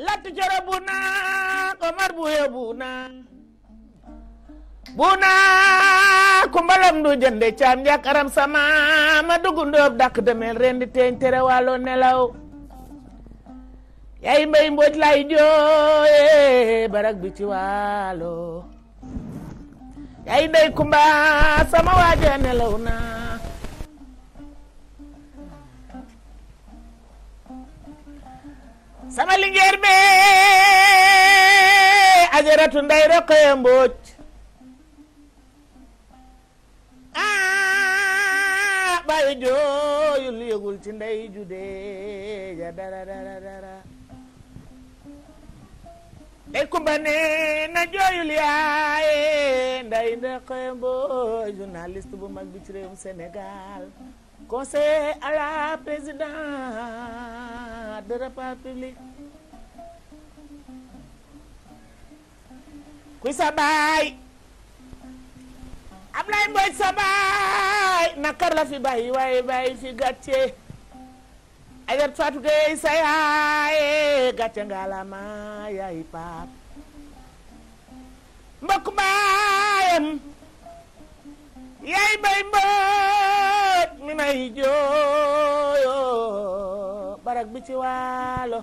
lat coro buna komar buya buna buna kumbalam du jënde caam njak aram sama ma dugu ndoob dak demel rendi teeñ tere walo nelaw yaay mbay mbooj lay jooye barak bi ci walo yaay ndey kumba sama waaja nelaw na sama lingeer be ajaratu nday rokoya mbooj ah bàyyi jooyul yëgul ci nday jude ja dara dara dara day kumba ne na jooyul yaaye nday rokoya mbooj journaliste bu mag bi ci réewum conseiller à la de la République baay Ablaye Mbooj baay nakar la fi bàyyi waaye bàyyi fi gàcce ajar Fatou Gueye sa yaay gàcce nga la ma yaay paap mi may jooyo barak bi ci waalo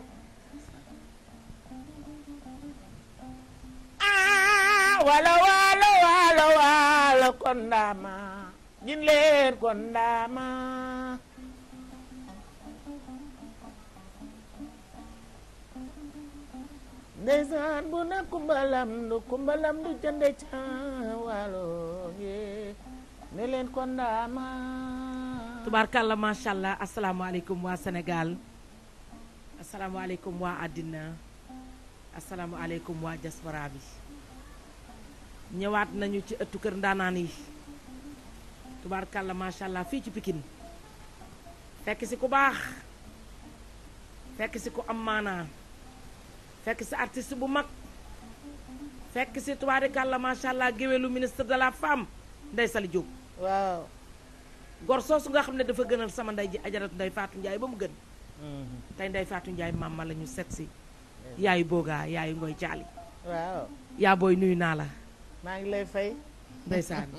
ah waalo waalo waalo waalo kondaama jin leen kondaama ndeysaan kumbalam du kumbalam du jande ca waalo ngee ne leen kon daama tubaarkàlla macha allah asalaamaaleykum waa Sénégal asalaamaaleykum waa àddina asalaamaaleykum waa diaspora bi ñëwaat nañu ci ëttu kër ndaanaan yi tubaarkàlla macha allah fii ci Pikine fekk si ku baax fekk si ku am maanaa fekk si artiste bu mag fekk si tubaarikàlla macha allah géwélu ministre de la femme Ndeye Saly Diop waaw gor soosu nga xam ne dafa gënal sama ndey ji ajaratu nday Faatu Njaay ba mu gën mhm. tey nday Faatu Njaay maam ma la ñu set si yaayu boogaa yaay ngoy caali waaw yaa booy nuyu naa la maa ngi lay fay ndeysaan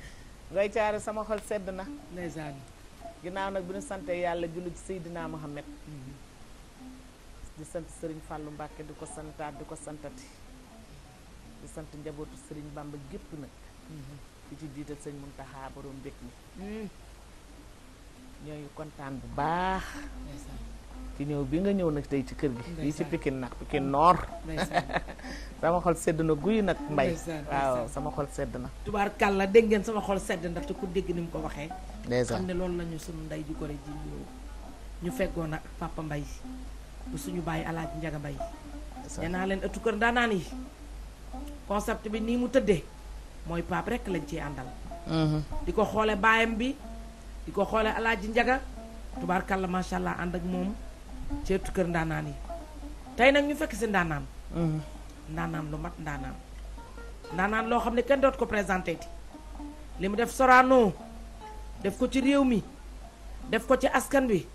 ngoy caali sama xol sedd na ndeysaan ginnaaw nag bu ñu sante yàlla jullu ci Seydina Muhammad mhm. di sant sëriñ Fàllu Mbàkke di ko santaat di ko santati di sant njabootu sëriñ Bamba gépp nag mhm. di ci jiital sëñ Muntaxa borom mbég mi hmm. ñoo ngi kontaan bu baax ci ñëw bi nga ñëw nag tey ci kër gi fii ci Pikine nag Pikine Nord sama xol sedd na guy nag mbay waaw sama xol sedd na tubaarkàlla dégg ngeen sama xol sedd ndax te ku dégg ni mu ko waxee xam ne loolu lañu suñu ndey ju gore ñu ñu feggoon ak mbay bu suñu bàyyi alaaji njaga mbay nee naa leen ëttu kër ndaanaan yi concept bi nii mu tëddee mooy paap rek lañ ci àndal. Mhm. di ko xoole baayam bi di ko xoole ji njaga tubaarkàlla macha allah ànd ak moom ceetu kër ndaanaan yi tey nag ñu fekk si ndaanaan mhm. ndaanaan lu mat ndaanaan ndaanaan loo xam ne kenn doot ko présenté ti li mu def Sorano def ko ci réew mi def ko ci askan wi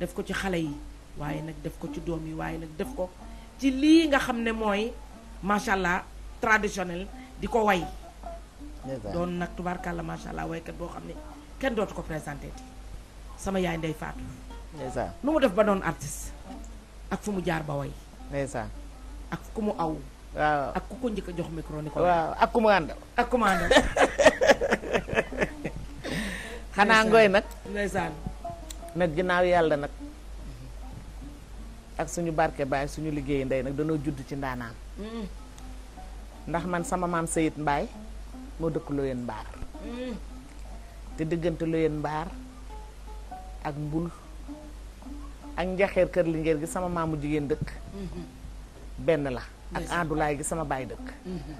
def ko ci xale yi waaye nag def ko ci doom yi waaye nag def ko ci lii nga xam ne mooy macha allah traditionnel di ko way doon nag tubaarkàlla macha allah waykat boo xam ne kenn dootu ko présenté ti sama yaay ndey faatu nu mu def ba doon artiste ak fu mu jaar ba way ak ku mu aw waaw ak ku ko njëkk jox micro ni ko waaw ak ku mu àndal xanaa ngooy nag ndeysaan nag ginnaaw yàlla nag ak suñu barke baay suñu liggéey ndey nag danoo judd ci ndaanaan ndax man sama maam sayit mbaay moo dëkk Loyen Mbaar te diggante Loyen Mbaar ak Mbul ak njaxeer kër Linguère gi sama maamu jigéen dëkk benn la ak àndulaay gi sama baay dëkk mhm.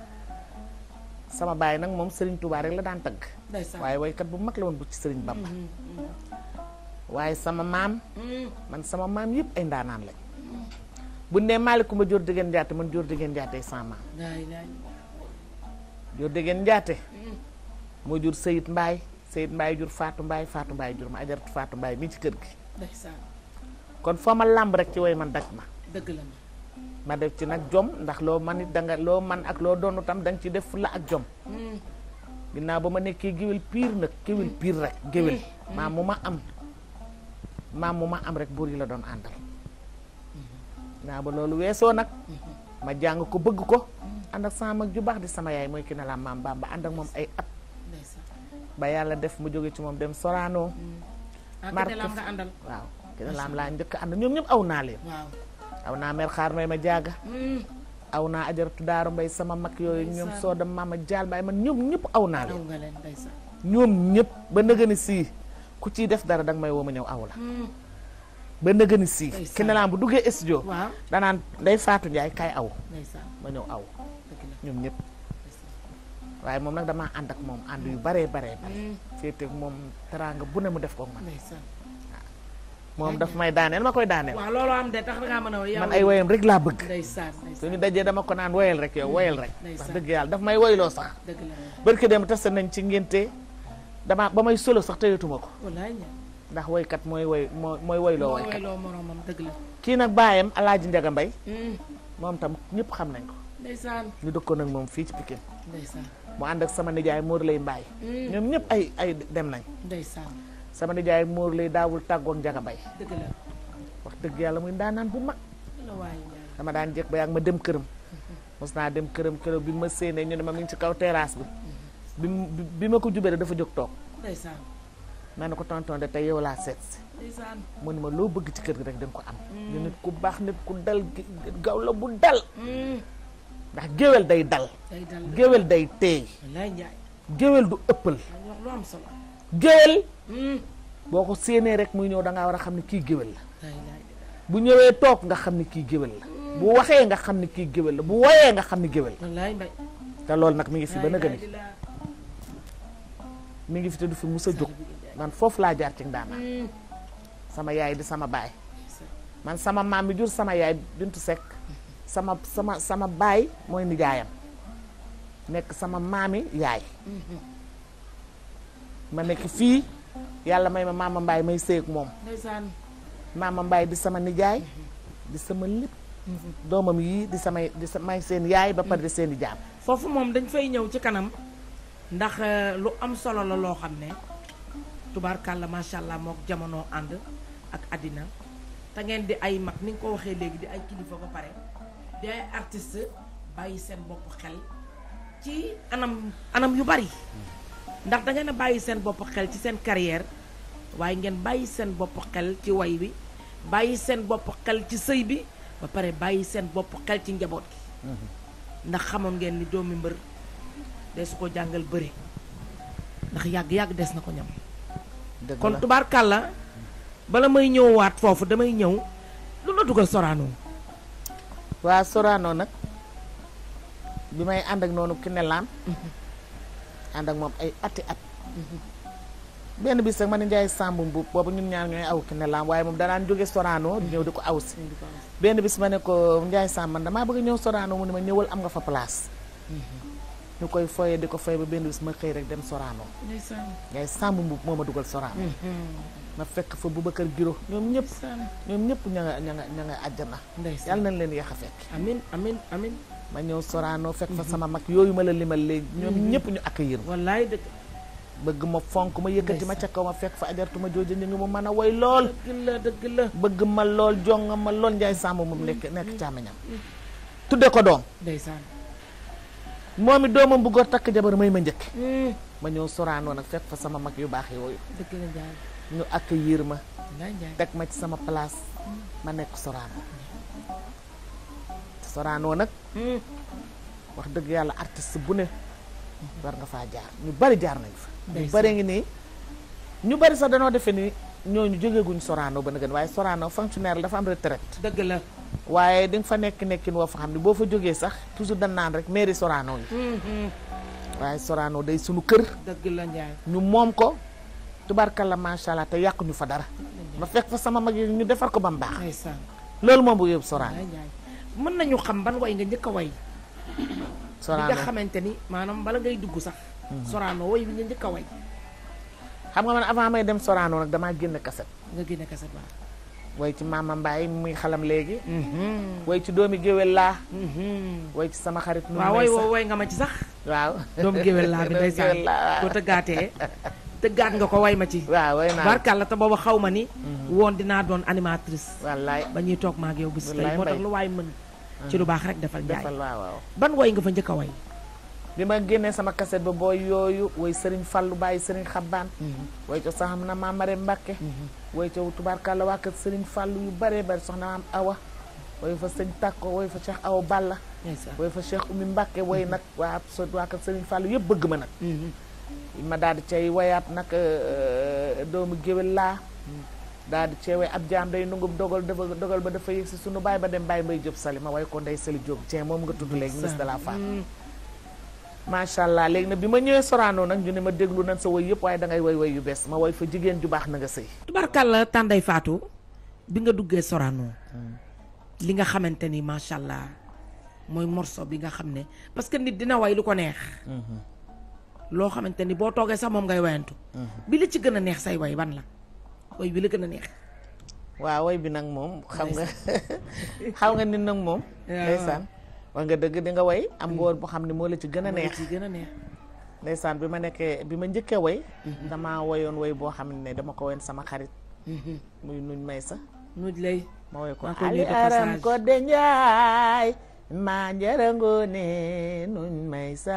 sama baay nag moom sëriñ Touba rek la daan tagg waaye waykat bu mag la woon bu ci Serigne Bamba mhm, mhm. waaye sama maam man sama maam yëpp ay ndaanaan lañ bu ne Malicoumba Dior Diegane Ndiaté man Dior Diegane Ndiaté sama maam jur dégeen njaate moo jur Seyid Mbaay Seyid Mbaay jur Faatu Mbaay Faatu Mbaay jur ma ajaratu Faatu Mbaay mi ci kër gi kon foo ma làmb rek ci woy man daj ma dëgg ma def ci nag jom ndax loo man it danga loo man ak loo doonu tam danga ci def fulla ak jom hmm. ginnaaw ba ma nekkee géwél piir nag géwél hmm. piir rek géwél hmm. maam mu ma am maam mu ma am rek buur yi la doon àndal ginnaaw ba loolu weesoo nag ma jàng ko bëgg ko ànd ak sama mag ju baax di sama yaay mooy ki na la maam Bamba ànd ak moom ay at. ba yàlla def mu jóge ci moom dem Sorano. Mm. Ah, marke nga waaw ki na laa njëkk àndal ñoom ñëpp aw naa aw naa mer xaar may ma jaaga. Mm. aw naa ajaratu daaru mbay sama mag yooyu ñoom soo dem man ñoom ñëpp aw naa leen. ñoom ñëpp ba nëgëni sii ku ciy def dara danga may woo ma ñëw aw la. Mm. ba nëgëni sii. ki na laam bu duggee studio. danaan day Fatou Ndiaye kaay aw. ma ñëw aw. ñoom ñëpp waaye moom nag damaa ànd ak moom ànd yu baree baree bare mm. féete moom teraanga bu ne mu def ko man moom daf may daaneel ma koy daaneel waaw loolu am de tax nga mën a man ay woyam rek laa bëgg suñu dajee dama ko naan woyal rek yow mm. woyal rek wax dëgg yàlla daf may woyloo sax barki dem tase nañ ci ngénte damaa ba may solo sax teyatuma ko ndax woykat mooy woy moo mooy woyloo woykat kii nag baayam alaaji Njaga Mbay mm. moom tam ñëpp xam nañ ko ndeysaan ñu dëkkoon ak moom fii ci Pikine ndeysaan mu ànd ak sama nijaay Mor lay mbaay mm. ñoom ñëpp ay ay dem nañ ndeysaan sama nijaay Mor lay daawul tàggoog njaga bay dëgg wax dëgg yàlla muy daanaan bu mag dama daan jekk ba yàgg ma dem këram mos naa dem këram këram bi ma séenee ñu ne ma mi ngi ci kaw terrasse bi bi bi ma ko jubee dafa jóg toog ndeysaan ma ne ko tonton de tey yow laa seet si mu ne ma loo bëgg ci kër gi rek da ko am mm. ñu nit ku baax nit ku dal gaw la bu dal mm. ndax géwél day dal géwél day teey géwél du ëppal géwél hmm. boo ko séenee rek muy ñëw da ngaa war a xam ne kii géwél la bu ñëwee toog nga xam ne kii géwél la hmm. bu waxee nga xam ne kii géwél la bu woyee nga xam ne géwél la te loolu nag mi ngi fi ba nëgëni mi ngi fi te du fi musa a jóg man foofu laa jaar ci ndaanaan hmm. sama yaay di sama baay man sama maam bi jur sama yaay bintu sekk sama sama sama baay mooy nijaayam nekk sama maami yaay mm-hmm. ma nekk fii yàlla may ma maama mbaay may séeg moom maama mbaay di sama nijaay mm-hmm. di sama lépp mm-hmm. doomam yii di samay di samay seen yaay ba pare di seen i foofu moom dañ fay ñëw ci kanam ndax euh, lu am solo la loo xam ne tubaarkàlla macha allah mook jamono ànd ak àddina te ngeen di ay mag ni nga ko waxee léegi di ay kilifa ba pare di ay bàyyi seen bopp xel ci anam anam yu bari ndax da ngeen bàyyi seen bopp xel ci seen carrière waaye ngeen bàyyi seen bopp xel ci way bi bàyyi seen bopp xel ci sëy bi ba pare bàyyi seen bopp xel ci njaboot gi ndax xamoon ngeen ni doomi mbër de su ko jàngal bëri ndax yàgg-yàgg des na ko ñam kon tubaarkàlla bala may ñëwaat foofu damay ñëw lu la dugal Sorano waa soraanoo nag bi may ànd ak noonu Kinelaan ànd ak moom ay ati at benn bis sax ma ne Njaay Sàmb mbuub boobu ñun ñaar ñooy aw Kinelaan waaye moom danaan jóge Sorano di ñëw di ko aw si benn bis ma ne ko Njaay Sàmb man damaa bëgg ñëw soraanoo mu ne ma ñëwal am nga fa place ñu koy foyee di ko foyee ba benn bis ma xëy rek dem Sorano Njaay Sàmb mbuub moo ma dugal Sorano ma fekk fa kër Giro ñoom ñëpp ñoom ñëpp ña nga ña nga ña nga àjjana yàlla nañ leen yeex a fekk amin amin amin ma ñëw Sorano fekk fa sama mag yooyu ma la limal léegi ñoom mm-hmm. ñëpp ñu accueillir ma wallaay dëgg bëgg ma fonk ma yëkkati ma ca kaw ma fekk fa ajartu ma jooja ñu ngi mu a woy lool dëgg bëgg ma lool jong ma lool njaay sàmm moom nekk mm-hmm. nekk càmmiñam mm-hmm. tudde ko doom ndeysaan moom it doomam bu takk jabar may ma njëkk mm. ma ñëw Sorano nag fekk fa sama mag yu baax yooyu ñu accueillir ma teg ma ci sama palaas ma nekk Sorano Sorano nag hmm. wax dëgg yàlla artiste bu ne war nga faa jaar ñu bari jaar nañ fa ñu bari ngi nii ñu bari sax danoo defe ni ñooñu jógeeguñ Sorano ba na gën waaye soraano fonctionnaire la dafa am retraite dëgg la waaye di nga fa nekk nekkin woo fa xam ne boo fa jógee sax toujours dañ naan rek mairie Sorano yi hmm, hmm. waaye Sorano de sunu kër dëgg ñu moom ko tubaarkal la macha allah te yàquñu fa dara. ma fekk fa sama mag yi ñu defar ko ba mu baax. loolu moom bu yóbbu Sorano. mën nañu xam ban way nga njëkk a way. Sorano nga xamante ni maanaam bala ngay dugg sax. Mhm. Sorano way bi nga njëkk a way. xam nga man avant may dem Sorano nag damaa génn kaset. nga génn kaset waaw. way ci maama Mbaye muy xalam léegi. Mhm. way ci doomi géwél laa. Mhm. way ci sama xarit. nu mu waaw way nga ma ci sax. waaw doomu géwél laa bi day sax boo tëggaatee tëggaat nga ko way ma ci. waaw way naa barkalla te booba xaw ma ni. Mhm. woon dinaa doon animatrice. wallaay ba ñuy toog maag yow bis tey moo tax lu waay mën. Mhm. ci lu baax rek defal njaay ban way nga fa njëkk a way. bi ma génnee sama kaset ba booy yooyu woy way Serigne Fallou Baye Serigne Xabaan. Mhm. way ca sax xam na maam Mare Mbacke. way ca tubaarkalla waa kër Serigne Fallou yu baree bari soxna am Awa. way fa sëñ Takko way fa Cheikh Awa Balla. way fa Cheikh Oumy Mbacke way nag waa waa kër Serigne Fallou yëpp bëgg ma nag. ma daal di cay wayaat nag euh, euh, doomu géwél laa daal di cee way ab jaam day nungub dogal dogal ba dafa yëg si sunu baay ba dem baay mbay Jóob Sali ma way ko ndey Sali Jóob Dieng moom nga tudd léegi ministre de mm. macha allah léegi nag bi ma ñëwee soraanoo nag ñu ne ma déglu nañ sa woy yëpp waaye da ngay woy woy yu bees ma way fa jigéen ju baax na nga sëy tubarkalla tànday faatu bi nga duggee soraanoo li nga xamante ni macha allah mooy morso bi nga xam ne parce que nit dina way lu ko neex mm-hmm. loo xamante ni boo toogee sax moom ngay wayantu mhm. bi la ci gën a neex say way ban la way bi la gën a neex waaw woy bi nag moom xam nga xam nga nit nag moom ndeysaan wax nga dëgg di woy am nga mm-hmm. woon boo xam ne moo la ci gën a neex gën a neex ndeysaan bi ma nekkee bi ma njëkkee way mm-hmm. dama woyoon woy boo xam ne dama ko woon sama xarit mm-hmm. muy nuñ may sa nuñ ma woy ko ali aram ko de njaay maa njërango nuñ may sa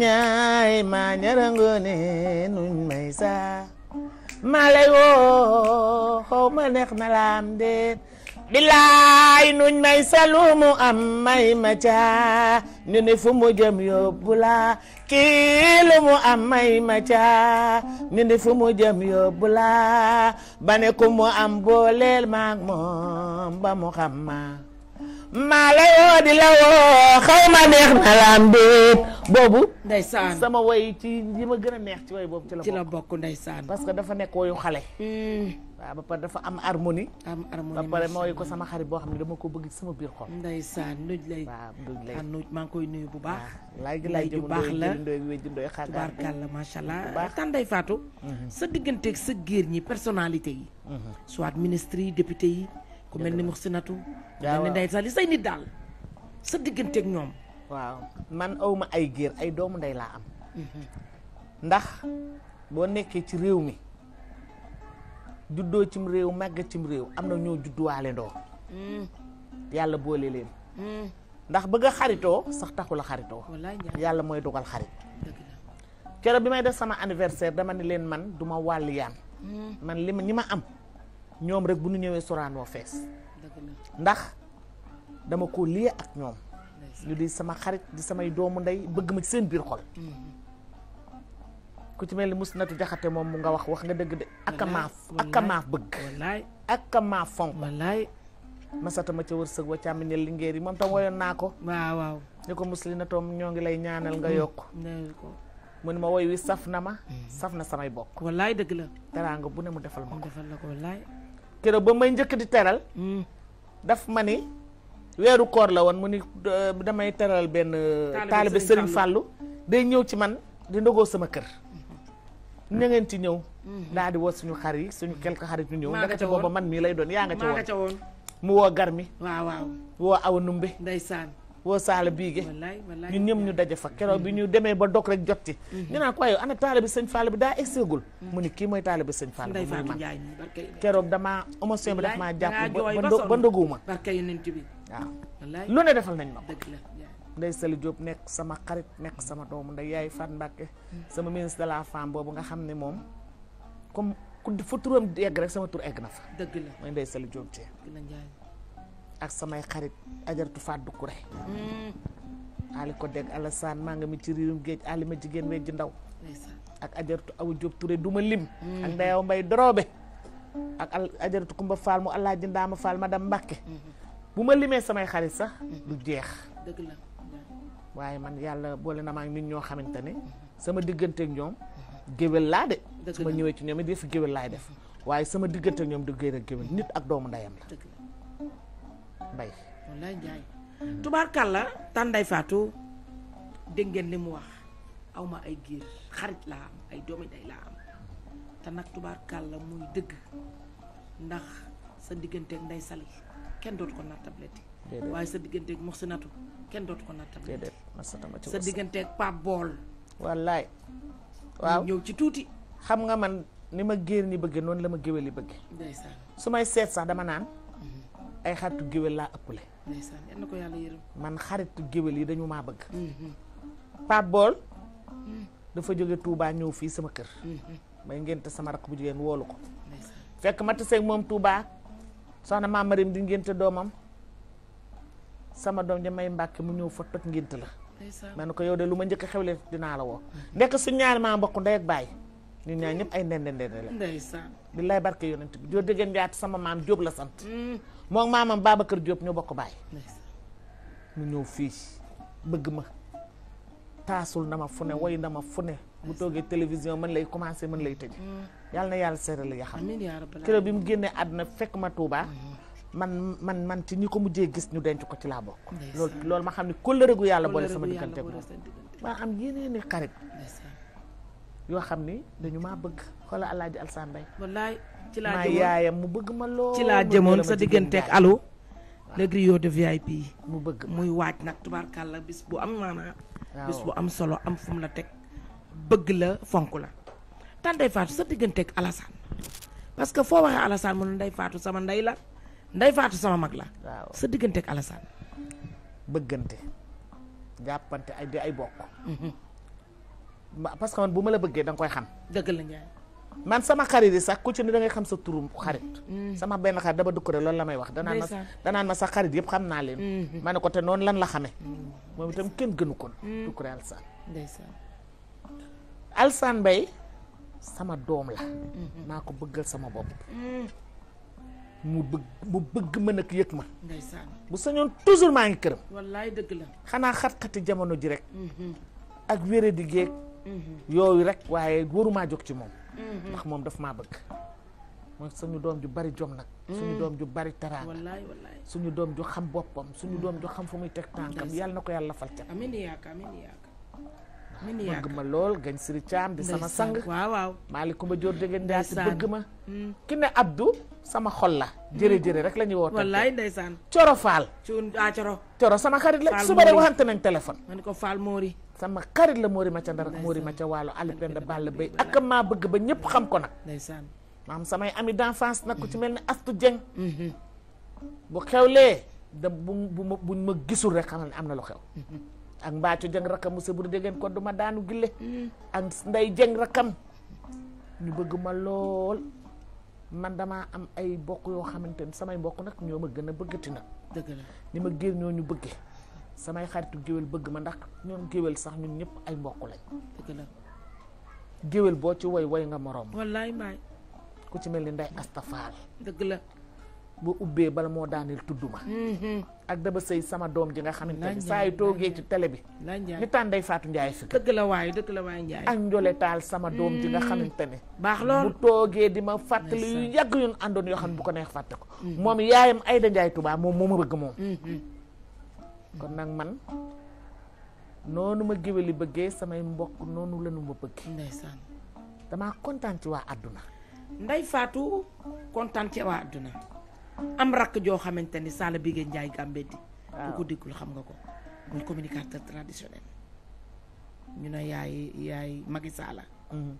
ñaay ma ñarangoone nuñ may saa ma lay woo xaw ma neex na laam bilaay nuñ may sa lu mu am may ma caa ñu ne fu mu jëm yóbbu laa kii lu mu am may ma caa ñu ne fu mu jëm yóbbu laa ba ne ku mu am booleel maag moom ba mu xam ma maa la yoo di la woo xaw ma neex na laam déet boobu ndeysaan sama woy ci li ma gën a neex ci woy boobu ci la bokk ndeysaan parce que dafa nekk woyu xale hmm. waaw ba pare dafa am harmonie am harmonie ba pare ma woy ko sama xarit boo xam ne dama ko bëgg sama biir xol ndeysaan nuj lay ah, maa ngi koy nuyu bu baax laaj laaj ju baax la ndoy wéjj ndoy xaarkal la macha allah tan faatu mhm. sa digganteeg sa géer ñi personnalité yi mhm. soit ministre député yi ku mel ni Muxsinatu ku mel ni Ndeye Sali say nit daal sa digganteeg ñoom waaw man awma ay géer ay doomu ndey laa am mhm. ndax boo nekkee ci réew mi juddoo cim réew màgga cim réew am na ñoo judduwaale ndoo mhm. yàlla boole leen mhm. ndax bëgg a xaritoo sax taxul a xaritoo yàlla mooy dogal xarit keroog bi may def sama anniversaire dama ne leen man duma wàll yaan man li ma ñi ma am ñoom rek bu ñu ñëwee Sorano fees ndax dama ko lié ak ñoom ñu di sama xarit di samay doomu ndey bëgg ma seen biir xol mm-hmm. ku ci mel ni mus Musnatu Jaxate moom mu nga wax wax nga dëgg de ak a maa ak a maa bëgg ak fonk masata ma ca wërsëg wa càmmineel lingeer yi moom tam woyoon naa ko waaw ni ko musli na toom ñoo ngi lay ñaanal nga mm-hmm. yokk mu ne ma woy wi saf na ma mm-hmm. saf na samay bokk wallaay dëgg la teraanga bu ne mu defal ma ko defal la ko keroog ba may njëkk di teral hmm. daf ma ni weeru koor la woon mu ni damay teral benn taalibe Sëriñ Fàllu day ñëw ci man di ndogoo sama kër hmm. na ngeen ci ñëw hmm. daa di woo suñu xar yi suñu quelque xarit ñu ñëw ndaka ca booba man mii lay doon yaa nga ca woon mu woo gar woo awa numbe ndeysaan woo saala biige ñun ñëpp ñu daje fa keroog bi ñu demee ba dog rek jotti mhm. ñu naan ko waaye ana taalibe sëñ Fall bi daa egsegul mhm. mu ni kii mooy taalibe sëñ Fall bi muy man keroog damaa émotion bi daf maa jàpp ba ndoguma waaw lu ne defal nañ ma ko Sali Diop nekk sama xarit nekk sama doomu nday yaay Fat Mbacke mhm. sama ministre de la femme boobu nga xam ne moom comme ku fa turam yegg rek sama tur egg na fa dëgg la mooy Ndeye Sali Diop ak samay xarit ajartu fàddu kure mm. ali ko dégg Alassane maa nga mi ci riirum géej ali ma jigéen wej ji ndaw ak ajartu awu Jóob Ture ma lim mm. ak ndayaw mbay doroobe ak al ajaratu kumba faal mu alaaji ma faal ma dam mbàkke mm-hmm. bu ma limee samay xarit sax mm-hmm. du jeex waaye man yàlla boole na maa ngi nit ñoo xamante ne mm-hmm. sama digganteek ñoom géwél laa de su ma ñëwee ci ñoom it yëf géwél laay def waaye sama digganteek ñoom du géer ak géwél nit ak doomu ndeyam mbay wallaay njaay la tànday faatu dégg ngeen li mu wax awma ay giir xarit laa am ay doomi day laa am te nag tubaar tubaarkàlla muy dëgg ndax sa digganteeg nday sali kenn dootu ko nattableti waaye sa digganteeg moxsinatu kenn dootu ko nattableti sa digganteeg Pape Bool wallaay waaw ñëw ci tuuti xam nga man ni ma géer ni bëgge noonu la ma géwél yi bëgge su may seet sax dama naan ay xaritu géwél laa ëppale. ndeysaan ko yàlla yërëm. man xaritu géwél yi dañu maa bëgg. Mm-hmm. Pape Bool. Mm-hmm. dafa jóge tuubaa ñëw fii sama kër. Mm-hmm. may ngénte sama rakk bu jigéen woolu ko. fekk ma taseeg moom Touba soxna maam Marim di ngénte doomam sama doom ja may mbàkke mu ñëw fa toj ngénte la. ma ne ko yow de lu ma njëkk a xewle dinaa la woo. ndekk su ñaari maa mbokku ndey ak baay. ñun ñaa ñëpp ay ndende ndende la. ndeysaan billaay barke yonent bi joo dégg njaat sama maam Diop la sant. Mm. moom maamam kër Diop ñoo bokk baay. mu ñëw fii bëgg ma taasul na ma fu ne mm. woy fu ne bu toogee télévision mën lay commencé mën lay tëj. Mm. yàlla yàlla seeral ya xam. keroog bi mu génnee àdduna fekk ma Touba. man man man ci ñi ko mujjee gis ñu denc ko ci laa bokk. loolu loolu ma xam ne kóllëre gu yàlla boole sama diggante ak maa am yeneen i yoo xam ni dañu maa bëgg xoola alaaji Alsaan Mbay wallaay ci laa jëmoon yaayam mu bëgg ma lool ci laa jëmoon sa digganteek alo le griot de VIP mu bëgg muy waaj nag tubaarkàlla bis bu am maanaa bis bu am solo am fu la teg bëgg la fonk la tànday faatu sa digganteeg Alassane parce que foo waxee Alassane mu ne nday faatu sama ndey la nday faatu sama mag la sa digganteeg Alassane bëggante jàppante ay di ay bokk mhm. parce que man bu ma la bëggee danga koy xam. dëgg la Ndiaye. man sama xarit yi sax ku ci ne da xam sa turu xarit. Mm. Mm. sama benn xarit dama dëkk rek loolu la may wax. danaan ma ma sa xarit yëpp xam naa leen. Mm-hmm. ma ne ko te noonu lan la xamee. Mm. moom itam kenn gënu ko. dëkk rek Alsaan. ndeysaan. Alsaan Mbaye sama doom la. Mm-hmm. maa ko bëggal sama bopp. mu bëgg mu bëgg ma nag yëg ma. ndeysaan bu sañoon toujours maa ngi këram. wallaay dëgg la. xanaa xat-xati jamono ji rek. Mm-hmm. ak wéré di géeg yooyu rek waaye warumaa jóg ci moom mhm. ndax moom daf maa bëgg mooy suñu doom ju bari jom nag mhm. suñu doom ju bari teraanga wallaay suñu doom ju xam boppam suñu mhm. doom ju xam fu muy teg tànkam yàlla na ko yàlla fal ca amiin yaaka amiin yaaka bëgg ma lool gañ siri caam sama sang waaw waaw maalikumba joor dégg ndaati bëgg ma mm. ki ne Abdou sama xol la mm. jëre jëre rek la ñuy coro faal ah, coro sama xarit la suba rek waxante nañ téléphone sama xarit la Mori Mathia Ndar ak Mori ca Waalo Alipenda Balla Bay ak maa bëgg ba ñëpp xam ko nag. ndeysaan maam samay ami d'enfance nag ku ci mel ni Astu Jeng mm-hmm. bu lee da bu bu buñ ma gisul rek xamal ne am na lu xew. ak Mbaacu Jeng rakam monsieur bu déggeen ko du ma daanu gille. Mm-hmm. ak Ndey Jeng rakam ñu bëgg ma lool. man damaa am ay mbokk yoo xamante ni samay mbokk nag ñoo ma gën a bëggati nag. dëgg la ni ma géer ñoo ñu bëggee. samay xaritu géwél bëgg ma ndax ñoom géwél sax ñun ñëpp ay mbokk lañ la géwél boo ci woy woy nga moroom wallaay mbaay ku ci mel ni nday astafaal dëgg la bu ubbee bala moo daaneel tudd ma mm-hmm. ak daba sëy sama doom ji nga xamante ni saa yu toogee ci télé bi ni taan day faatu njaay dëgg la waay dëgg la waay njaay ak sama doom ji nga mm-hmm. xamante ne baax lool bu toogee di ma fàttali yu yàgg yun àndoon yoo xam ne bu ko neex fàtte ko mm-hmm. moom yaayam Ayda Njaay Tuubaa moom moo ma bëgg moom kon nag man noonu ma géwéli bëggee samay mbokk noonu lañu ma bëgg ndeysaan damaa kontaan ci waa àdduna nday faatu kontaan ci waa àdduna am rakk joo xamante ni Sala Bigué Ndiaye Gambedi bu ko déggul xam nga ko muy communicateur traditionnel ñu ne yaay yaay magi Sala mm-hmm.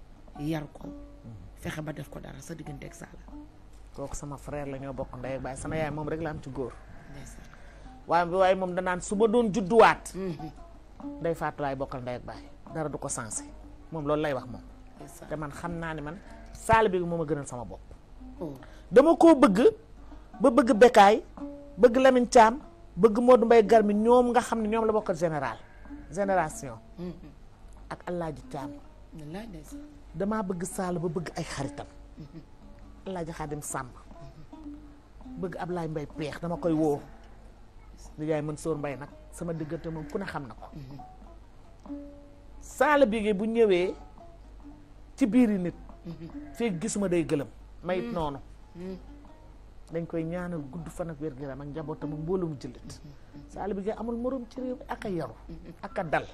yar ko mm-hmm. fexe ba def ko dara sa diggante ak Sala kooku sama frère lañoo bokk ndey ak baay sama yaay moom rek la am ci góor waaye waaye moom danaan su ma doon judduwaat. Mhm. day faatulaay bokkal ndey ak baay dara du ko sensé moom loolu lay wax moom. te man xam naa ne man saal bi moom a gënal sama bopp. Oh. dama koo bëgg ba bëgg Bécaye bëgg Lamine Thiam bëgg Modou Mbaye Garmi ñoom nga xam ne ñoom la bokkal général génération. Mhm. ak Alaaji Thiam. damaa bëgg Sall ba bëgg ay xaritam. Mhm. Alaaji Xaadim Sàmb bëgg lay Mbaye Peex dama koy woo. mën Mansour mbay nag sama diggante moom ku ne xam na ko saala bigee bu ñëwee ci biiri nit fekk gis day gëlëm mayit noonu dañ koy ñaanal gudd fan ak wér-gu-yaram ak njabootam ak mbooloo mu jëlit saala bigee amul morom ci réew ak a yaru ak a dal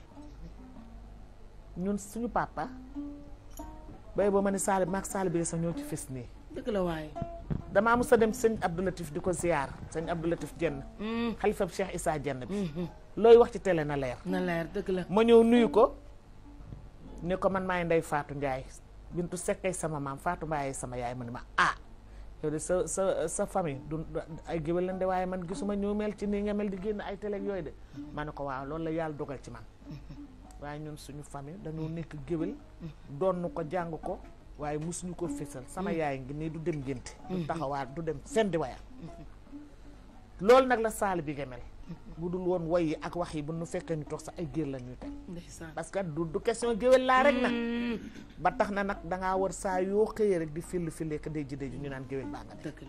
ñun suñu papa bay boo ma ne saali maag saala bigee sax ñoo ci fes nii damaa mos sa dem sëñ Abdoulatif di ko ziar sëñ Abdoulatif jenn mm. xalifab Cheikh Issa jenn bi mm-hmm. looy wax ci télé na leer na leer dëgg la ma ñëw nuyu ko ne ko man maay ndey faatu Ndiaye bintu sekkay sama maam Fatou Mbaye sama yaay mu ne ma ah sa sa sa famille du ay géwél lañ de waaye man gisuma ñëw mel ci nii nga mel di génn ay télé yooyu de ma ko waaw loolu la yàlla dogal ci man mm-hmm. waaye ñun suñu famille dañoo nekk géwél doon ko jàng ko waaye mosuñu ko fésal sama mm. yaay ngi nii du dem ngénte mm-hmm. du taxawaat du dem seen di waya mm-hmm. loolu nag la saal bi gemel mm-hmm. bu dul woon woy yi ak wax yi bu nu fekkee ñu toog sax ay géer la ñuy teg parce que du du question géwél laa rek nag mm. ba tax na nag dangaa war saa yoo xëyee rek di fill fillee ka déj déj ñu naan géwél baa nga dëgg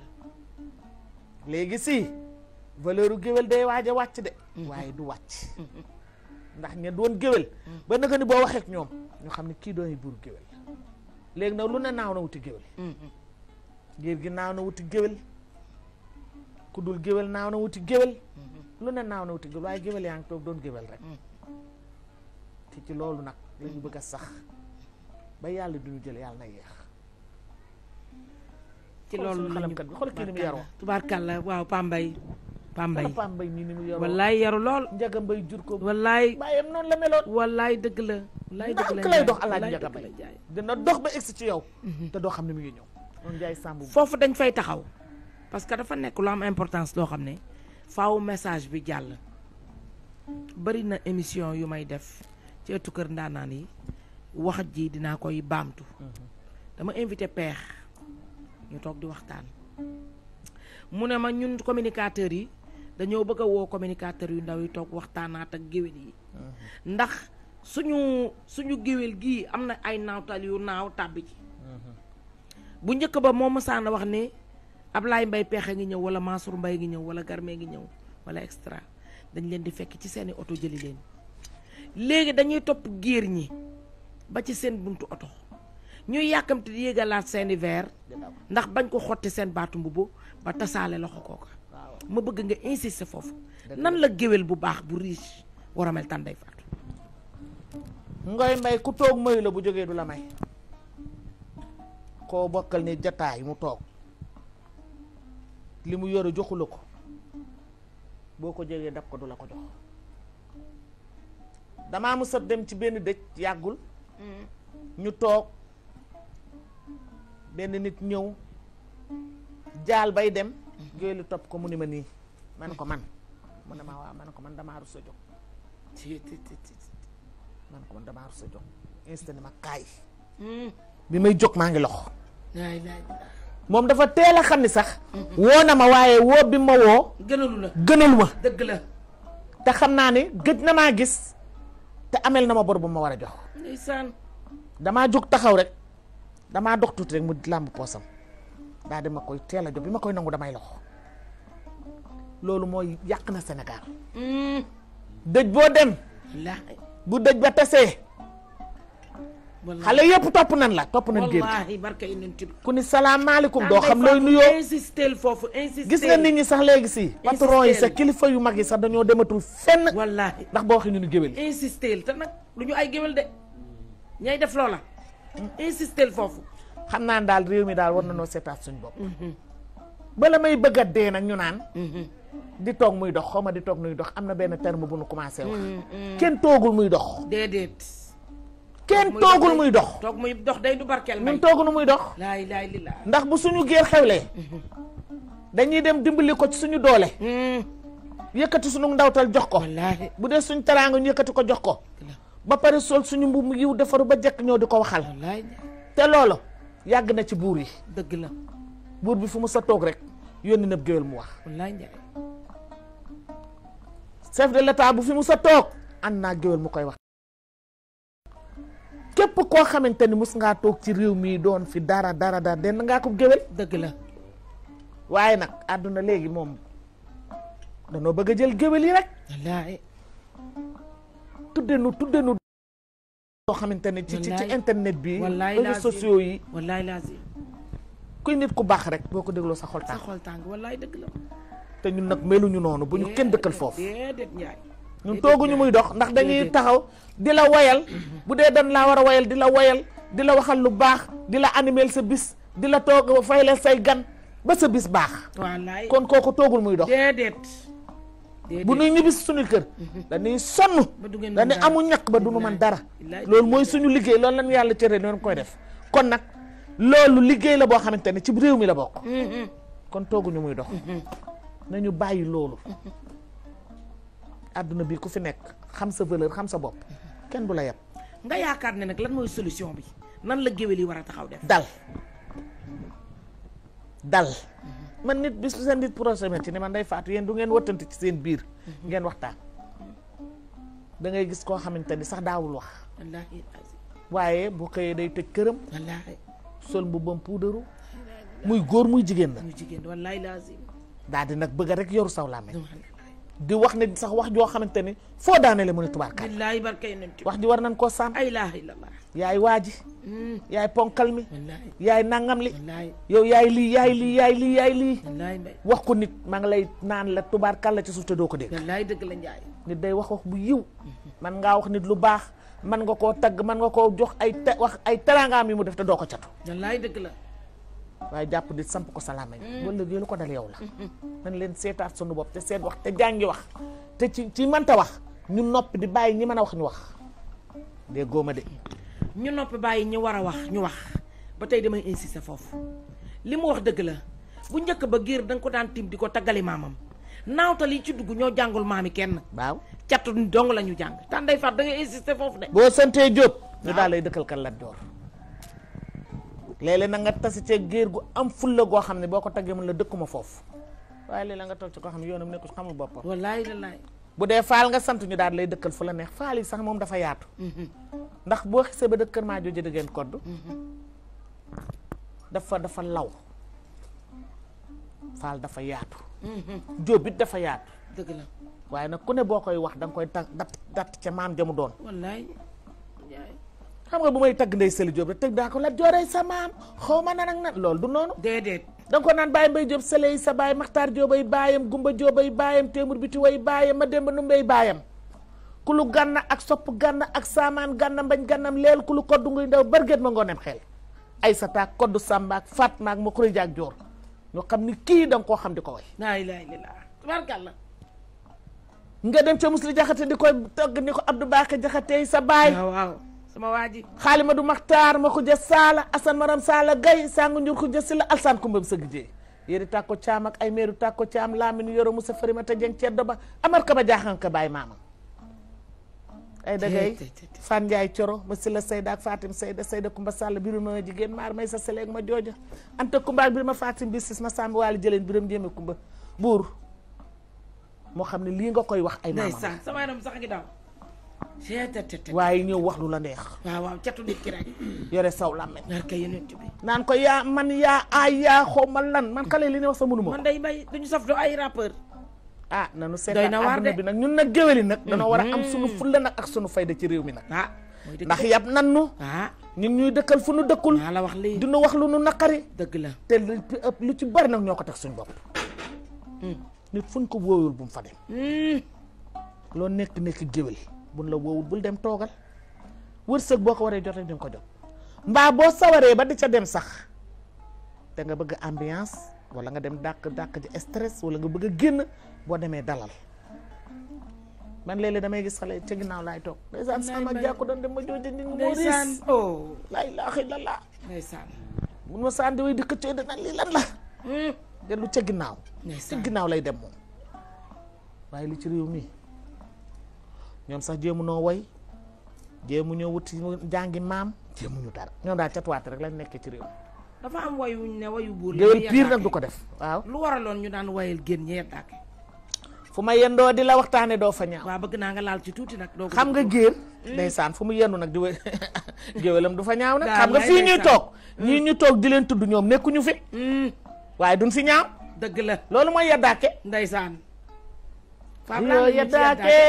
léegi si valeuru géwél day waaj a wàcc de waaye du wàcc ndax ña doon géwél mm. ba naka ni boo waxeek ñoom ñu xam ne kii doon buur géwél léegi nag lu ne naaw na wuti géwél mm-hmm. géer gi naaw na wuti géwél ku dul géwél naaw na wuti géwél mm-hmm. lu ne naaw na wuti géwél waaye géwél yaa ngi toog doon géwél rek mm. te ci loolu nag la ñu bëgg a sax ba yàlla duñu jël yàlla na yeex ci loolu xalamkat bi xool kii ni mu yaroo tubaarkàlla waaw Pambay Pambay Pambay nii ni mu yaroo wallaay yaru lool njaga mbay jur ko wallaay bàyyam noonu la meloon wallaay dëgg la ndànk lay dox alaaj njaga dana dox ba egsi ci yow te doo xam ne mu ngi ñëw foofu dañ fay taxaw parce que dafa nekk lu am importance loo xam ne faaw message bi jàll bari na émission yu may def ci ëttu kër ndaanaan yi wax ji dinaa koy baamtu dama invité peex ñu toog di waxtaan mu ne ma ñun communicateurs yi dañoo bëgg a woo communicateurs yu ndaw yi toog waxtaanaat ak géwél yi ndax suñu suñu géwél gi am na ay naawtal yu naaw tàbbi ci bu njëkk ba moo mësaan a wax ne Ablaye Mbaye pexe ngi ñëw wala Mansour Mbaye ngi ñëw wala Garmee ngi ñëw wala extra dañ leen di fekk ci seeni oto jëli leen léegi dañuy topp géer ñi ba ci seen buntu oto ñuy yàkkamte di yéegalaat seeni verre ndax bañ ko xotti seen baatu mbubu ba tasaale loxo kooka ma bëgg nga insister foofu nan la géwél bu baax bu riche war a tànday faatu ngoy may ku toog mayu la bu jógee du la may koo bokkal ni jataay mu toog li mu yore joxula ko boo ko jógee dab ko du la ko jox damaa mësa dem ci benn dëj yàggul ñu toog benn nit ñëw jaal bay dem géey lu topp ko mu ni ma nii man ko man mu ne ma waaw man ko man damaa rus a jóg ma ne ko man damaa rus a jóg instant ma kaay. Hmm. bi may jóg maa ngi loxo moom dafa teel a xam ni sax. woo na ma waaye woo bi ma woo. gënalu la gënalu ma. te xam naa ni gëj na maa gis te amel na ma bor bu ma war a jox. damaa jóg taxaw rek damaa dox tuuti rek mu làmb poosam daa di ma koy teel a jox bi ma koy nangu damay lox loolu mooy yàq na senegal hmm. dëj boo dem. bu dëj ba tasee xale yëpp topp nan la topp nan génn wallaahi barka inanti ku ni salaamaaleykum doo xam looy nuyoo insister foofu insister gis nga nit ñi sax léegi si patron yi sax kilifa yu mag yi sax dañoo dematul fenn wallaahi ndax boo waxee ñu ni géwél insister te nag lu ñu ay géwél de ñay def loola insister foofu xam naa daal réew mi daal war na noo seetaat suñ bopp mhm. bala may bëgg dee nag ñu naan mhm. di toog muy dox xaw ma di toog muy dox am na benn terme bu nu commencé wax. Mm, mm, mm. kenn toogul muy dox. déedéet. kenn toogul muy dox. toog muy dox day du barkeel may. ñun toogunu muy dox. laay laay li laay ndax bu suñu géer xewlee. Mm-hmm. dañuy dem dimbali ko ci suñu doole. yëkkati suñu ndawtal jox ko. bu dee suñu taraanga ñu yëkkati ko jox ko. ba pare sol suñu mbubb yiw defaru ba jekk ñëw di ko waxal. te loolu yàgg na ci buur yi. dëgg la buur bi fu mu sa toog rek yónni na géwél mu wax. chef bu fi mu toog ànd naa géwél mu koy wax képp koo xamante ni mus ngaa toog ci réew mi doon fi dara dara dara den ngaa ko géwél dëgg la waaye nag àdduna léegi moom danoo bëgg a jël géwél yi rek wallaahi tudde nu tudde xamante ne ci ci internet bi kuy nit ku baax rek boo ko dégloo sa xol tàng sa xol tàng dëgg la te ñun nag meluñu noonu bu ñu kenn dëkkal foofu ñun tooguñu muy dox ndax dañuy taxaw di la woyal bu dee dan laa war a woyal di la woyal di la waxal lu baax di la animel sa bis di la toog fay la say gan ba sa bis baax kon kooku toogul muy dox bu nuy ñibbis suñu kër mhm. dañuy sonn dañuy amu ñaq ba du nu man dara loolu mooy suñu liggéey loolu lañu yàlla cëree noonu koy def kon nag loolu liggéey la boo xamante ne ci réew mi la bokk mhm. kon tooguñu muy dox mhm. nañu bàyyi loolu àdduna bi ku fi nekk xam sa valeur xam sa bopp kenn du la yab nga yaakaar ne nag lan mooy solution bi nan la géwél yi war a taxaw def dal dal man nit bis seen nit projet ci ne man day faatu yéen du ngeen wëttante ci seen biir ngeen waxtaan da ngay gis koo xamante ni sax daawul wax waaye bu xëyee day tëj këram sol mbubbam puudaru muy góor muy jigéen la daal di nag bëgg rek yoru saw làmmiñ di wax ne sax wax joo xamante ne foo daanele mu ne tubaarkaal billaahi barke yonent wax ji war nañ koo sàmm ay laa illallah yaay waaji hmm. yaay ponkal mi yaay nangam li yow yaay lii yaay lii yaay lii yaay lii wax ko nit maa ngi lay naan la tubaarkaal la ci suuf te doo ko dégg wallaay dëgg la njaay nit day wax wax bu yiw man ngaa wax nit lu baax man nga koo tagg man nga koo jox ay wax ay yi mu def te doo ko catu wallaay dëgg la waaye jàpp nit samp ko salaama yi wala lu ko dal yow la nan mm, mm. leen seetaat sunu bopp te seet wax te jàngi wax te ci ci manta wax ñu noppi di bàyyi ñi man a wax ñu wax dee góoma de ñu noppi bàyyi ñi war a wax ñu wax ba tey damay insister foofu li mu wax dëgg la bu njëkk ba giir da ko daan tiim di ko taggali maamam naawtal yi ci dugg ñoo jàngul maami kenn waaw catu dong la ñu jàng tànday faat da ngay insister foofu de boo santee Jóob ñu daal lay dëkkal kan Lat Joor léeg na nga tasi cee géer gu am fulla goo xam ne boo ko taggee mën la dëkkuma foofu waaye léeg la nga toog ci koo xam ne yoonam nekkul xamul boppam wallaay wallaay bu dee faal nga sant ñu daal lay dëkkal fu la neex faal yi sax moom dafa yaatu mm-hmm. ndax boo xisee ba dëkk kër maa jooju dëggeen kodd mm-hmm. dafa dafa law faal dafa yaatu mm-hmm. jóob dafa yaatu dëgg la waaye nag ku ne boo koy wax danga nga koy dat dat ca maam jamu doon wallaay xam nga bu may tagg ndey Sëli Diop rek tëgg daa ko la jooray sa maam xaw ma nan ak nan loolu du noonu. déedéet da nga ko naan Baye Mbaye Diop Sëley sa baay Makhtar Diop ay baayam Gumba Diop ay baayam Téemour bi tuuti ay baayam Mademba Numbe ay baayam. kulu gànna ak sopp gànna ak saamaan gànna mbañ gànnam leel kulu koddu nguy ndaw barget ma ngoonem xel ay sa taak koddu sàmbaak faat maak ma koy jaag joor ñoo xam ni kii da koo xam di ko way laa ilaaha illallaah tabaarkalla nga dem ca musli jaxate di koy togg ni ko sa baay waaw sama waa ji xaalima du maxtaar ma xuja saala asan maram saala gay sangu njur xuja si la alsaan kumbam sëgg jee yéri tàkko caam ay meeru tàkko caam laamin yoro musa farima ta jeng ceddo ba amar ka ba jaaxan ka baay maama ay dagay fan njaay coro ma sila sayda ak fatim sayda sayda kumba sall birima ma jigéen maar may sa seleeg ma jooja anta kumba ak birima fatim bisis ma sàmbi waali jëleen biram jéeme kumba buur moo xam ne lii nga koy wax ay maama sama yaram waaye ñëw wax lu la neex. waaw catu ki rek. yore saw làmmet. naan ko yaa man yaa ay ah, yaa xaw ma lan man xale li ne wax sa mënuma man day bay duñu saf do ay rappeur. ah nanu seetaan àdduna bi nag ñun nag géwéli nag. Mm-hmm. danoo war a am sunu fulla nag ak sunu fayda ci réew mi nag. ah ndax yab nan nu. Ah. ñun ñuy dëkkal fu nu dëkkul. la wax lii dina wax lu nu naqari. dëgg la te lu ci bari nag ñoo ko teg suñu bopp. Mm. nit fuñ ko wóoyul bu mu fa dem. Mm. loo nekk nekk géwél buñ la woowul bul dem toogal wërsëg boo ko waree jot rek di nga ko jot mbaa boo sawaree ba di ca dem sax da nga bëgg ambiance wala nga dem dàq dàq ji stress wala nga bëgg a génn boo demee dalal man léeg-léeg damay gis xale ca ginnaaw laay toog ndeysaan sama jàkku doon dem ma o oh. laa ilaaha illallaah ndeysaan mun ma saan di way lan la hmm. dellu ca ginnaaw ca ginnaaw lay dem moom waaye li ci réew mi ñoom sax jéemu noo woy jéemu ñoo wut jàngi maam jéemu ñu dara ñoom daal catuwaate rek lañ nekkee ci réew dafa am woyuñ ne woyu buur géwél piir nag du ko def waaw lu waraloon ñu daan woyal génn ñeer dàkke fu ma yendoo di la waxtaane doo fa bëgg naa nga laal ci tuuti nag doo xam nga géer hmm. ndeysaan fu mu yendu nag di wéy géwélam du fa ñaaw nag xam nga fii ñuy toog hmm. ñii ñu toog di leen tudd ñoom nekkuñu fi hmm. waaye duñ fi dëgg la loolu mooy yeddaake ndeysaan far yaddaake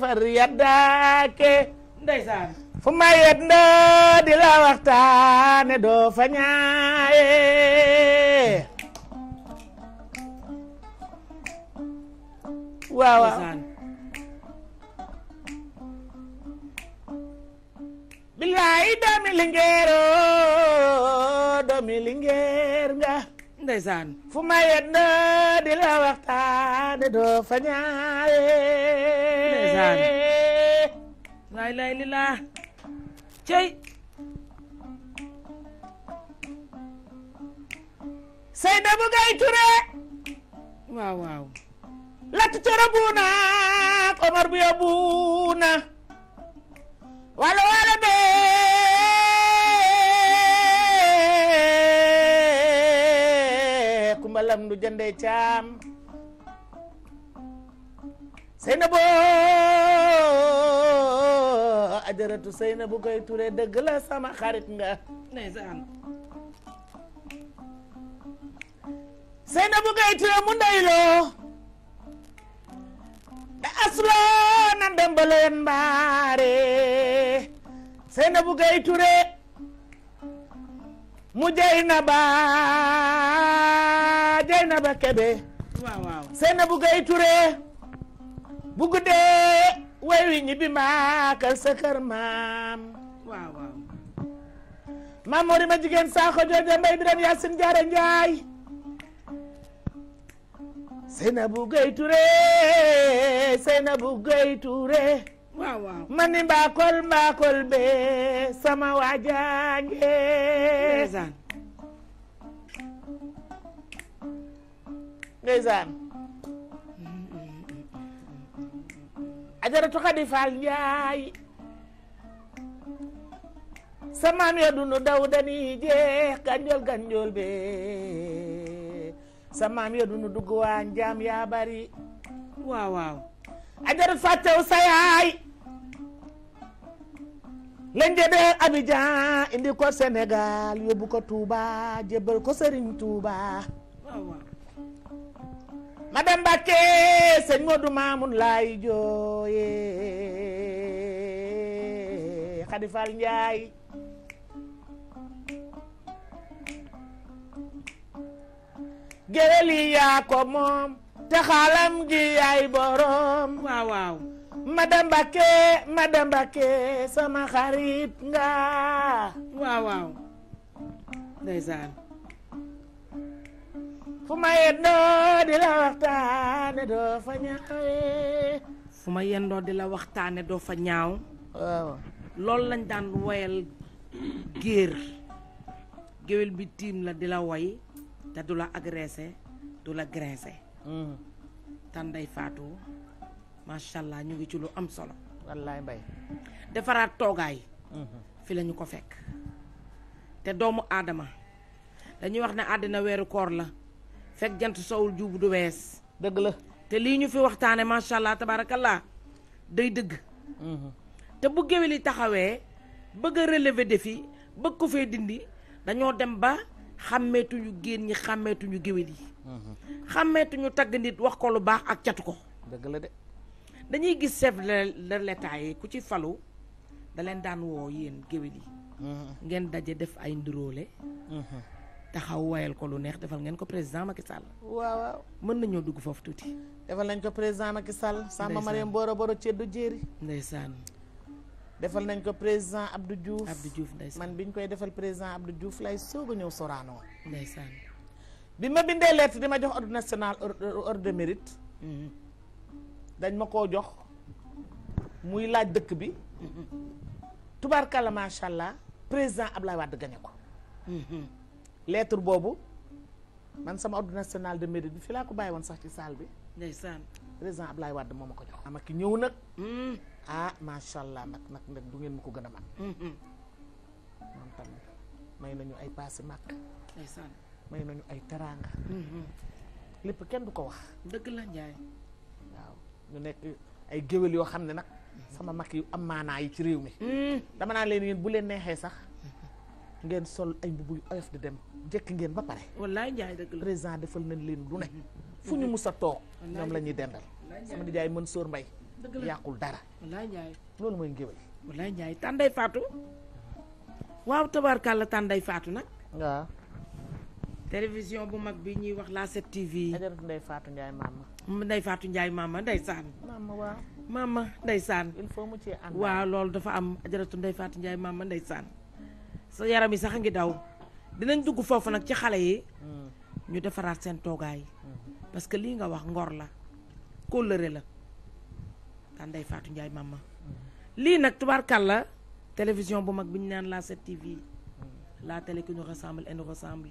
far yaddaake fu ma yet di la waxtaane doo fa ñaaye waaw billaay doomi lingeer oo oh, doomi lingeer nga ndeysaan fu ma yedd di la waxtaane doo fa ñaaye ndeysaan laay laay li laa cey Seyda bu gay Touré waaw waaw lat coro buuna Omar bu yo buuna wala wala bee lalam du jëndee caam Seynabo ajaratu Seynabu koy Touré dëgg la sama xarit nga ndeysaan Seynabu koy Touré mu ndeyloo da aslo na dembaleen mbaare Seynabu koy mu Jeynaba Jeynaba Kebe waaw waaw Seynabou Gaye Touré bu guddee way wi ñibbi maakal sa kër maam maam moo ma jigéen saaxo jooje mbay biram Yaasin Jaara Njaay Seynabou Gaye Touré Seynabou Gaye Touré waaw waaw ma ni mbaakol sama waajange ndeysaan ndeysaan ajaratu Xadi Faal Njaay sama maam ya dundu daw dani jeex ganjol ganjol be sama maam dugg waa njaam yaa bari waaw waaw yaay lañ jëbee Abidjan indi ko Sénégal yóbbu ko Touba jébbal ko Serigne Touba. ma dem Mbàkke sëñ Modou Mamoun laay jooyee Khady Fall Ndiaye. géwél yaa ko moom te xalam gi yaay boroom. madame Mbacké madame Mbacké sama xarit nga waaw waaw ndeysaan fu ma yendoo di la waxtaane doo fa ñaaw fu ma yendoo di la waxtaane doo fa ñaaw waaw lañ daan woyal géer géwél bi tiim la di la woy te du la agressé du la grincé mm. tan day faatu macha allah ñu ngi ci lu am solo. wallaay mbay. defaraat toogaay. Mhm. fi lañu ko fekk. te doomu aadama dañuy wax ne àddina weeru koor la fekk jant sowul juubu du wees. dëgg la te lii ñu fi waxtaane macha allah tabaarakallah day dëgg. Mhm. te bu géwél yi taxawee bëgg a relever bëgg ko fee dindi dañoo dem ba xàmmeetuñu génn ñi xàmmeetuñu géwél yi. Mhm. xàmmeetuñu tagg nit wax ko lu baax ak catu ko. dëgg dañuy gis chef de l'état yi ku ci falu da leen daan woo yéen géwél yi mm-hmm. ngeen daje def ay nduróole mm-hmm. taxaw woyal ko lu neex defal ngeen ko président Macky Sall waaw waaw mën nañoo dugg foofu tuuti defal nañ ko président Macky Sall Samba Mariam Boro Boro Ceddu Jéeri ndeysaan defal nañ ko président Abdou Diouf Abdou Diouf ndeysaan man biñ koy defal président Abdou Diouf lay soog ñëw Sorano ndeysaan bi ma bindee lettre di ma jox ordre national ordre de mérite mm-hmm. dañ ma ko jox muy laaj dëkk bi tubaarkalla macha allah président Ablaye Wade gagné ko. lettre boobu man sama ordre national de mérite bi fi laa ko bàyyi woon sax ci salle bi. ndeysaan président Ablaye Wade moo moom ko jox. ama ki ñëw nag. Hmm. ah macha allah nag nag nag du ngeen ma ko gën a man hmm, hmm. may nañu ay paase màkk. may nañu ay teraanga. lépp kenn du ko wax. dëgg ñu nekk ay géwél yoo xam ne nag sama mag yu am maanaay yi ci réew mi hmm. dama naa leen yéen bu leen neexee sax ngeen sol ay mbubu yu oyof di dem jekk ngeen ba pare wallaay njaay dëgg la président defal nañ leen lu ne hmm. fu ñu mus a toog ñoom la ñuy dendal sama nijaay mën sóor mbay yàqul dara wallaay njaay loolu mooy ngéwél wallaay njaay tànday faatu waaw tabaarkàlla tànday faatu nag waaw télévision bu mag bi ñuy wax la 7TV ajaratu nday faatu njaay maam Ndeye Fatou njaay maama ndeysaan. maama waaw. maama ndeysaan. il faut mu ci ànd loolu dafa am ajaratu Ndeye Fatou Ndiaye maama saan sa yaram yi sax a ngi daw dinañ dugg foofu nag ci xale yi. Mm. ñu defaraat seen toogaay. Mm-hmm. parce que lii nga wax ngor la kóllëre la daan Ndeye Fatou Ndiaye maama. Mm-hmm. lii nag la télévision bu mag bi ñu naan laa 7TV mm. la télé qui nous ressemble et nous ressemble.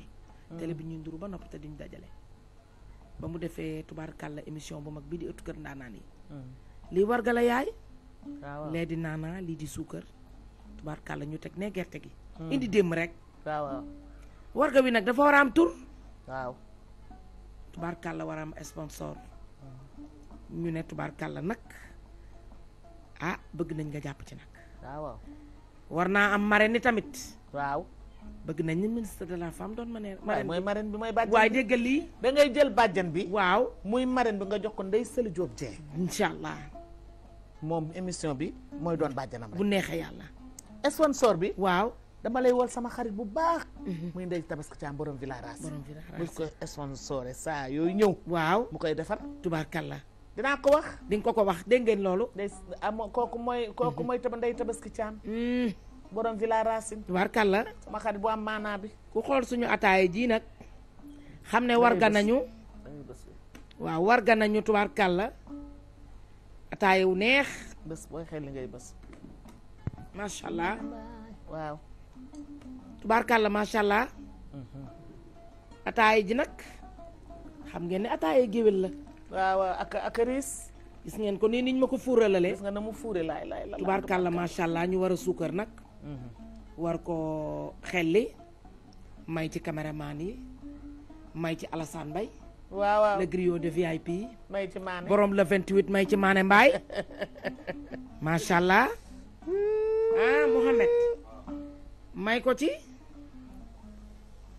Mm. bi ñuy nduru ba noppi te duñ dajale. ba mu defee la émission bu mag bi di ëttu kër ndaanaan yi hmm. lii warga la yaay lee di naanaa lii di suukar la ñu teg ne gerte gi hmm. indi démb rek waaw warga wi nag dafa war a am tur waaw tubaarkàlla war a am sponsor hmm. ñu ne tubaarkàlla nag ah bëgg nañ nga jàpp ci nag war naa am marraine ni tamit waaw bëgg nañ ni ministre de la femme doon ma ne marraine mooy marraine bi mooy bàjjen waaye déggal lii da ngay jël bàjjan bi waaw muy marraine bi nga jox ko Ndeye Sëli Diop Dieng incha allah moom émission bi mooy doon bàjjenam rek bu neexee yàlla sponsor bi waaw dama lay wol sama xarit bu baax mhm. muy ndey tabaski caam borom villa ras muy ko sponsoré saa yooyu ñëw waaw mu koy defar tubaarkàlla dinaa ko wax di nga ko ko wax dégg loolu day ah, kooku kooku mooy mhm. taba ndey tabaski caam borom villa racine tubaarkàlla sama xarit bu am maanaa bi ku xool suñu ataaya ji nag xam ne warga nañu waaw warga nañu tubaarkàlla ataaya wu neex bés booy xel li ngay bés macha allah waaw tubaarkàlla macha allah mhm. ataaya ji nag xam ngeen ne ataaya géwél la waaw ak ak riis gis ngeen ko nii niñ ma ko fuuralalee gis nga na mu fuure laay laay la tubaarkàlla macha allah ñu war a suukar nag war ko xelli may ci caméraman yi may ci Alassane Mbaye waaw waaw de VIP yi may ci maane borom le 28 may ci maane mbaay macha allah ah may ko ci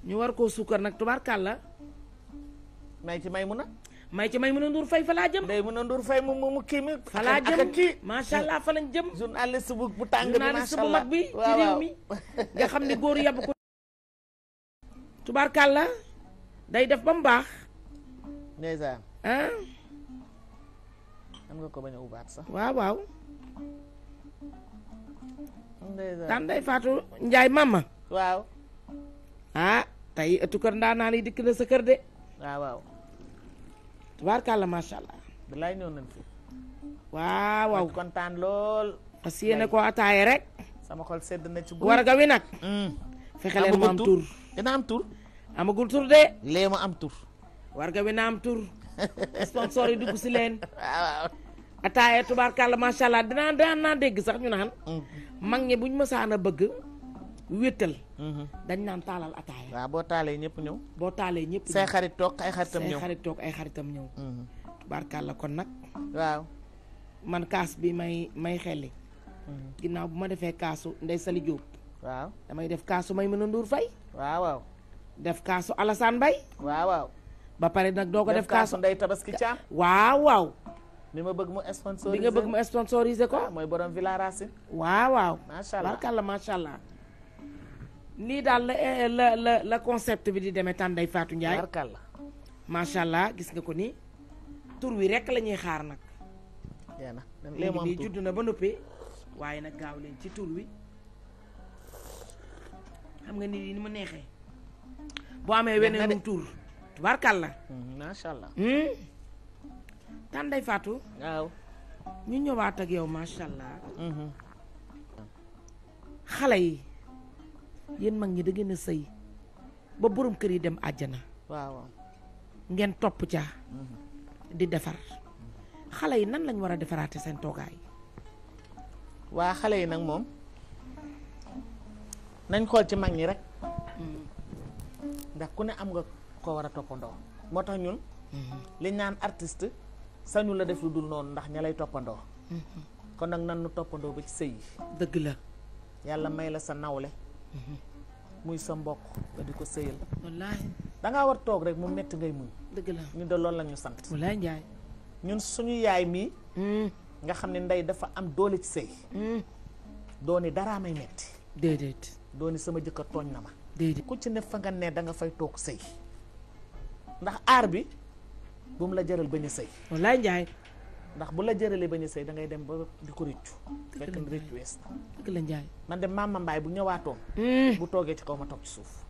ñu war koo suukar nag tubaarkàlla may ci may mun a may ci may mën a fay falaa laa jëm day mën a nduur fay moom moomu kii mi fa jëm kii macha allah fa jëm journaliste bu bu tàng bi journaliste mag bi ci mi nga xam ne góor yàbb ko tubaarkàlla day def ba mu baax ndeysaan nga ko bañ a sax waaw waaw daan day faatu njaay mama waaw ah tey ëttu kër ndaanaan yi dikk na sa kër de tubaarkàlla macha allah. lay ñëw nañ fi. waaw waaw kontaan lool. parce que yéen ko koo ataaye rek. sama xol sedd na ci. warga wi nag. Mm. fexe leen mu am tur dina am tur. amagul tur de. lee ma am tur. warga wi na am tur. sponsor yi dugg si leen. waaw. ataaye tubaarkàlla macha allah dinaa daan naa dégg sax ñu naan. Mm. mag ñi buñ mësaan a bëgg wéttal. Mm-hmm. dañ naan taalal ataaya. waaw boo taalee ñëpp ñëw. boo taalee ñëpp ñëw say xarit toog ay xaritam ñëw say xarit toog ay xaritam ñëw. Mm-hmm. tubaarkàlla kon nag. waaw man kaas bi may may xelli. Mm-hmm. ginnaaw bu ma defee kaasu ndey Sali Diop. waaw damay def kaasu may mën a waaw waaw. def kaasu Alassane Mbaye. waaw waaw. ba pare nag doo ko def. kaasu Ndeye Tabaski Thiam. waaw waaw. ma bëgg mu sponsorisé bi nga bëgg mu sponsorisé ko. mooy borom Villa Racine. waaw waaw. macha allah barkalla allah. lii daal la eh, la la la concept bi di demee tànday Fatou Ndiaye macha allah gis nga ko ni tur wi rek la ñuy xaar nag léegi lii judd na ba noppi waaye nag gaaw leen ci tur wi xam nga ni ni ma neexee boo amee weneenum tur tubaarkal la hmm, macha allah hmm? tànday Fatou ñu ñëwaat ak yow macha allah hmm, xale yi yéen mag ñi da ngeen a sëy ba borom kër yi dem àjjana waaw ngeen topp ca mm-hmm. di defar xale yi nan lañ war a defaraate seen toogaay waa xale yi nag moom nañ xool ci mag ñi rek mm-hmm. ndax ku ne am nga ko war a toppandoo moo tax ñun mm-hmm. li naan artist sañu la def lu dul noonu ndax ña lay toppandoo kon nag nan lu toppandoo ba ci sëy yi dëgg la yàlla may la sa nawle muy sa mbokk nga di ko sëyal wallaahi dangaa war toog rek mu metti ngay muñ dëgg la ñu de loolu la ñu sant wallaahi njaay ñun suñu yaay mii hmm. nga xam ne ndey dafa am doole ci sëy hmm. dooni dara may metti déedéet dooni sama jëkkër tooñ na ma déedéet ku ci ne fa nga ne da nga fay toog sëy ndax aar bi bu mu la jaral ba a sëy ndax bu la jëralee ba ñu sëy da ngay dem ba di ko rëccu. fekk na rëccu wees la Ndiaye. man de maama Mbaye bu ñëwaatoo mm. bu toogee ci kaw ma toog ci suuf.